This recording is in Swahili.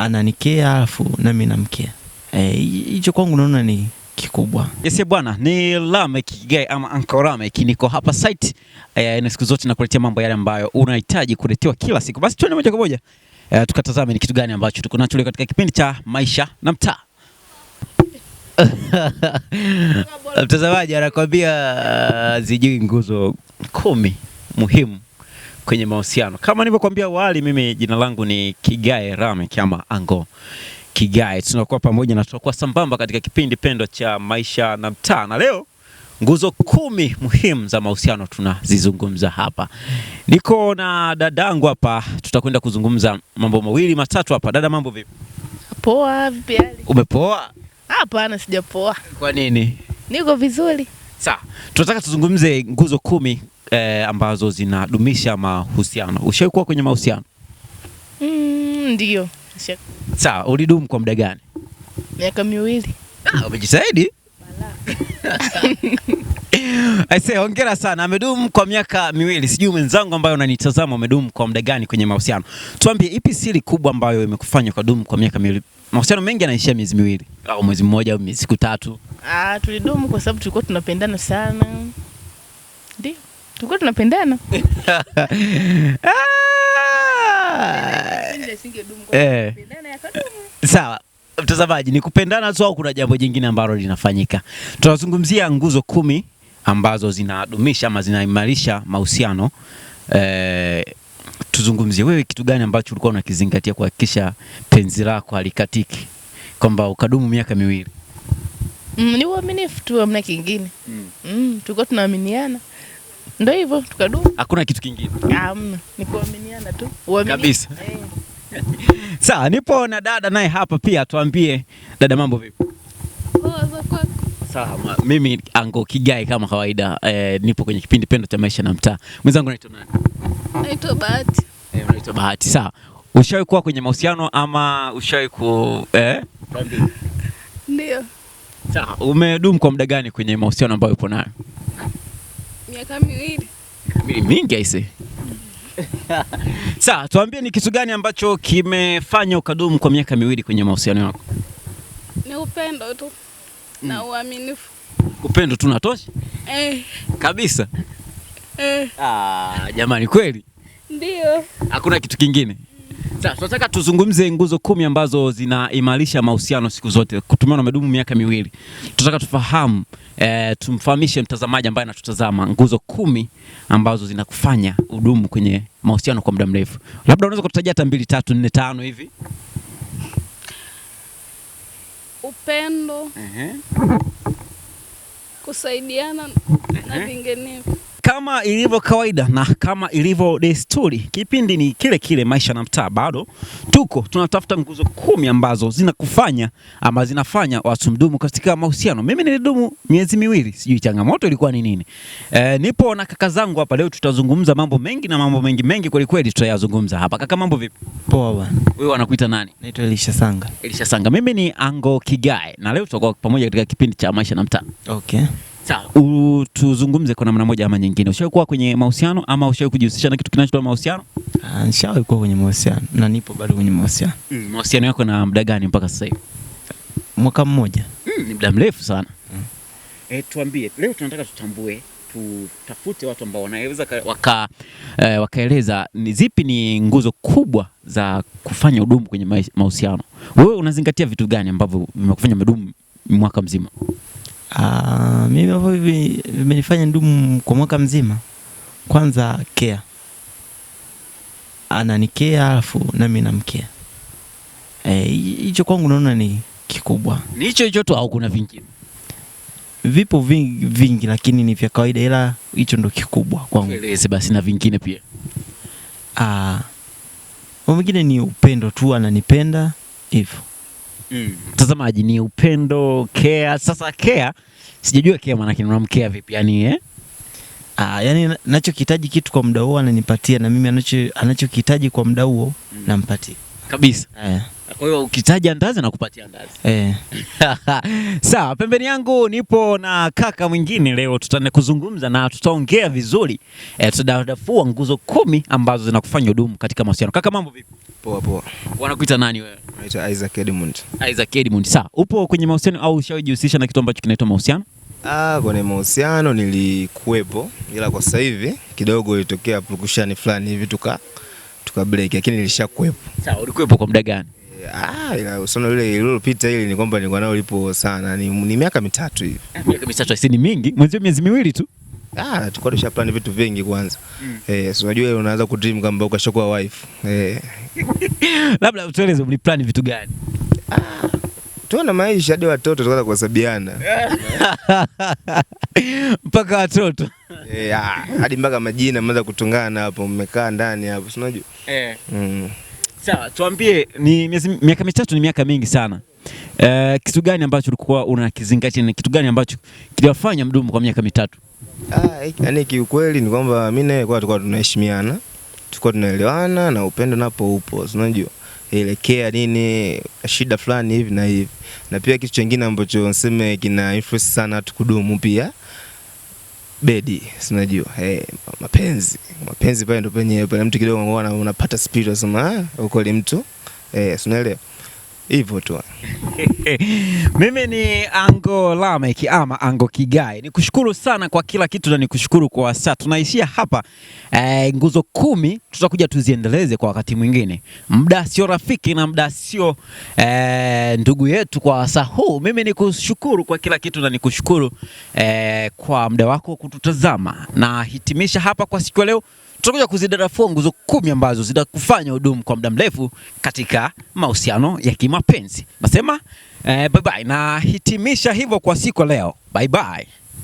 ananikea alafu nami namkea e, hicho e, kwangu naona ni kikubwa. Yes, bwana ni Lameck Kigai ama Uncle Lameck, niko hapa site e, na siku zote nakuletea mambo yale ambayo unahitaji kuletewa kila siku. Basi tuende moja kwa moja e, tukatazame ni kitu gani ambacho tuko nacho leo katika kipindi cha maisha na mtaa. Mtazamaji anakwambia zijui nguzo kumi muhimu kwenye mahusiano. Kama nilivyokuambia awali, mimi jina langu ni Kigae Rame kama Ango Kigae. Tunakuwa pamoja na tunakuwa sambamba katika kipindi pendwa cha maisha na mtaa, na leo nguzo kumi muhimu za mahusiano tunazizungumza hapa. Niko na dadangu hapa, tutakwenda kuzungumza mambo mawili matatu hapa. Dada, mambo vipi? Poa. Vipi hali? Umepoa? Hapana, sijapoa. Kwa nini? Niko vizuri. Sawa, tunataka tuzungumze nguzo kumi eh, ambazo zinadumisha mahusiano. Ushawahi kuwa kwenye mahusiano? Mm, ndio. Sawa, ulidumu kwa muda gani? Miaka miwili. Ah, umejitahidi. Aise, hongera sana. Amedumu kwa miaka miwili. Sijui mwenzangu ambayo unanitazama umedumu kwa muda gani kwenye mahusiano? Tuambie ipi siri kubwa ambayo imekufanya dumu kwa miaka miwili? Mahusiano mengi yanaishia miezi miwili au mwezi mmoja au siku tatu. Ah, tulidumu kwa sababu tulikuwa tunapendana sana, ndio tulikuwa tunapendana ah! eh. Sawa mtazamaji, ni kupendana tu au kuna jambo jingine ambalo linafanyika? Tunazungumzia nguzo kumi ambazo zinadumisha ama zinaimarisha mahusiano eh, tuzungumzie wewe, kitu gani ambacho ulikuwa unakizingatia kuhakikisha penzi lako halikatiki, kwamba ukadumu miaka miwili? Mm, ni uaminifu tu, amna kingine mm. Mm, tulikuwa tunaaminiana ndo hivyo tukadu, hakuna kitu kingine, amna ni kuaminiana tu kabisa eh. Sawa, nipo na dada naye hapa pia, tuambie dada, mambo vipi? Sawa, mimi ango Kigai kama kawaida eh, nipo kwenye kipindi Pendo cha Maisha na Mtaa. Mwenzangu naitwa nani? Naitwa Bahati. Eh, naitwa Bahati. Sawa, ushawahi kuwa kwenye mahusiano ama ushawahi ku eh? Ndio. Sawa, umedumu kwa muda gani kwenye mahusiano ambayo upo nayo? Miaka miwili. Miwili mingi aise. Sawa, tuambie ni kitu gani ambacho kimefanya ukadumu kwa miaka miwili kwenye mahusiano yako? Ni upendo tu mm. na uaminifu. Upendo tu natosha? Eh. Kabisa. Eh. Ah, jamani kweli? Ndio. Hakuna kitu kingine? Sasa tunataka tuzungumze nguzo kumi ambazo zinaimarisha mahusiano siku zote, kutumia na madumu miaka miwili. Tunataka tufahamu e, tumfahamishe mtazamaji ambaye anatutazama nguzo kumi ambazo zinakufanya udumu kwenye mahusiano kwa muda mrefu. Labda unaweza kutaja hata mbili, tatu, nne, tano hivi. Upendo, uh -huh. kusaidiana uh -huh. na vinginevyo kama ilivyo kawaida na kama ilivyo desturi, kipindi ni kile kile, Maisha na Mtaa. Bado tuko tunatafuta nguzo kumi ambazo zinakufanya ama zinafanya watu mdumu katika mahusiano. Mimi nilidumu miezi miwili, sijui changamoto ilikuwa ni nini. E, nipo na kaka zangu hapa leo, tutazungumza mambo mengi na mambo mengi mengi kweli kweli tutayazungumza hapa. Kaka, mambo vipi? Poa bwana. Wewe wanakuita nani? Naitwa Elisha Sanga. Elisha Sanga. Mimi ni Ango Kigae na leo tutakuwa pamoja katika kipindi cha Maisha na Mtaa. Okay. Sawa. Tuzungumze kwa namna moja ama nyingine. Ushawahi kuwa kwenye mahusiano ama ushawahi kujihusisha na kitu kinachotoa mahusiano? Ah, nishawahi kuwa kwenye mahusiano na nipo bado kwenye mahusiano. Mm, mahusiano yako na muda gani mpaka sasa hivi? Mwaka mmoja. Mm, ni muda mrefu sana. Mm. Eh, tuambie, leo tunataka tutambue tutafute watu ambao wanaweza waka eh, wakaeleza ni zipi ni nguzo kubwa za kufanya udumu kwenye mahusiano. Wewe unazingatia vitu gani ambavyo vimekufanya mdumu mwaka mzima? Ah, mimi ambavyo hivi vimenifanya ndumu kwa mwaka mzima, kwanza kea ananikea, alafu nami namkea. Eh, hicho e, kwangu naona ni kikubwa, ni hicho hicho tu au kuna vingine? Vipo vingi, vingi lakini ni vya kawaida, ila hicho ndo kikubwa kwangu. Eleze basi na vingine pia. Ah, mwingine ni upendo tu, ananipenda hivyo mtazamaji mm. ni upendo care. Sasa care sijajua care maana unamkea vipi yani eh? Ah, yani nachokihitaji kitu kwa muda huo ananipatia na mimi anachokihitaji kwa muda huo mm. nampatia kabisa eh. Kwa hiyo ukitaja ndazi nakupatia ndazi eh. Sawa, pembeni yangu nipo na kaka mwingine leo, tutaenda kuzungumza na tutaongea vizuri e, tutadafua nguzo kumi ambazo zinakufanya udumu katika mahusiano. Kaka, mambo vipi? Poa poa. Wanakuita nani wewe? Naitwa Isaac Edmund. Isaac Edmund. Sawa, upo kwenye mahusiano au ushawajihusisha na kitu ambacho kinaitwa mahusiano? Ah, kwenye mahusiano nilikuwepo, ila kwa sasa hivi kidogo ilitokea purukushani fulani hivi tuka tuka break, lakini nilishakuwepo. Sawa, ulikuwepo kwa muda gani? Ah, somo lile lililopita hili ni kwamba nilikuwa nao lipo sana, ni, ni miaka mitatu hivi. Miaka mitatu si mingi, mwenzio miezi miwili tu. Ah, tulikuwa tusha plan vitu vingi kwanza. Mm. Eh, so unajua unaanza ku dream kama ukashakuwa wife. Eh. Labda utueleze mli plan vitu gani? Ah, tuona maisha hadi watoto tukaanza kuhesabiana. Mpaka watoto. Eh, ah, hadi mpaka majina mmeanza kutungana hapo mmekaa ndani hapo, si unajua? Eh. Mm. Sawa, tuambie ni miaka mitatu ni miaka mingi sana. Uh, kitu gani ambacho ulikuwa unakizingatia na kitu gani ambacho kiliwafanya mdumu kwa miaka mitatu? Ah, yani kiukweli ni kwamba mimi yeye kwa tulikuwa tunaheshimiana, tulikuwa tunaelewana na upendo napo upo, unajua elekea nini shida fulani hivi na hivi, na pia kitu kingine ambacho nseme kina influence sana tukudumu pia bedi sinajua hey, eh, mapenzi mapenzi pale ndo penye pale mtu kidogo unapata spirit unasema ah, ukoli mtu eh, hey, sinaelewa hivyo tu. Mimi ni Ango Lameki ama Ango Kigai, kushukuru sana kwa kila kitu na nikushukuru kwa wasaa. Tunaishia hapa eh, nguzo kumi tutakuja tuziendeleze kwa wakati mwingine. Muda sio rafiki na muda sio eh, ndugu yetu kwa wasaa huu. Mimi kushukuru kwa kila kitu na nikushukuru eh, kwa muda wako kututazama, na hitimisha hapa kwa siku ya leo tutakuja kuzidarafua nguzo kumi ambazo zitakufanya udumu kwa muda mrefu katika mahusiano ya kimapenzi. Nasema eh, bye bye, nahitimisha hivyo kwa siku leo. Bye bye.